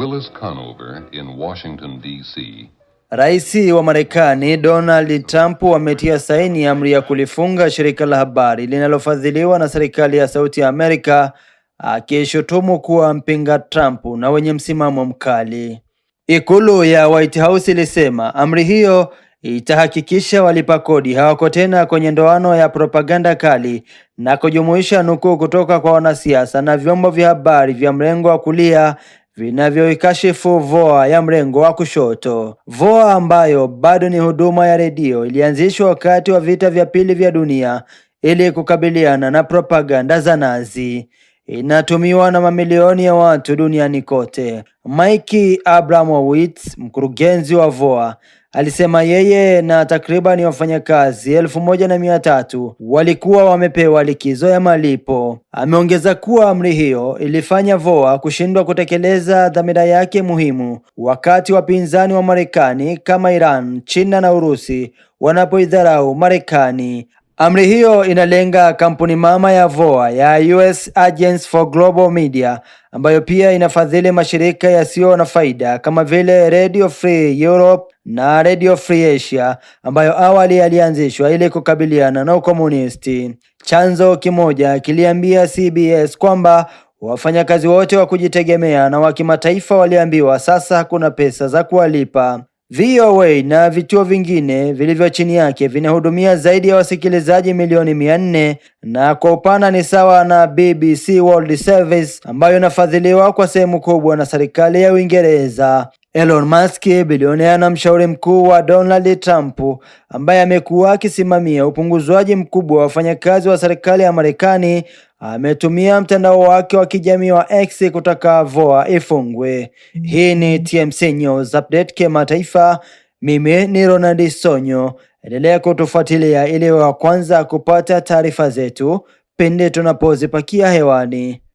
Willis Conover in Washington DC. Rais wa Marekani Donald Trump ametia saini amri ya kulifunga shirika la habari linalofadhiliwa na serikali ya Sauti ya Amerika akishutumu kuwa mpinga Trump na wenye msimamo mkali. Ikulu ya White House ilisema amri hiyo itahakikisha walipa kodi hawako tena kwenye ndoano ya propaganda kali na kujumuisha nukuu kutoka kwa wanasiasa na vyombo vya habari vya mrengo wa kulia vinavyoikashifu VOA ya mrengo wa kushoto. VOA ambayo bado ni huduma ya redio ilianzishwa wakati wa vita vya pili vya dunia ili kukabiliana na propaganda za Nazi. Inatumiwa na mamilioni ya watu duniani kote. Mike Abramowitz, mkurugenzi wa VOA, Alisema yeye na takriban wafanyakazi elfu moja na mia tatu walikuwa wamepewa likizo ya malipo. Ameongeza kuwa amri hiyo ilifanya VOA kushindwa kutekeleza dhamira yake muhimu wakati wapinzani wa Marekani kama Iran, China na Urusi wanapoidharau Marekani. Amri hiyo inalenga kampuni mama ya VOA ya US Agency for Global Media ambayo pia inafadhili mashirika yasiyo na faida kama vile Radio Free Europe na Radio Free Asia ambayo awali yalianzishwa ili kukabiliana na ukomunisti. Chanzo kimoja kiliambia CBS kwamba wafanyakazi wote wa kujitegemea na wa kimataifa waliambiwa sasa hakuna pesa za kuwalipa. VOA na vituo vingine vilivyo chini yake vinahudumia zaidi ya wasikilizaji milioni mia nne na kwa upana ni sawa na BBC World Service ambayo inafadhiliwa kwa sehemu kubwa na serikali ya Uingereza. Elon Musk bilionea na mshauri mkuu wa Donald Trump ambaye amekuwa akisimamia upunguzwaji mkubwa wa wafanyakazi wa serikali ya Marekani ametumia mtandao wake wa kijamii wa X kutaka VOA ifungwe. Hii ni TMC News Update kimataifa. Mimi ni Ronald Sonyo, endelea kutufuatilia ili wa kwanza kupata taarifa zetu pindi tunapozipakia hewani.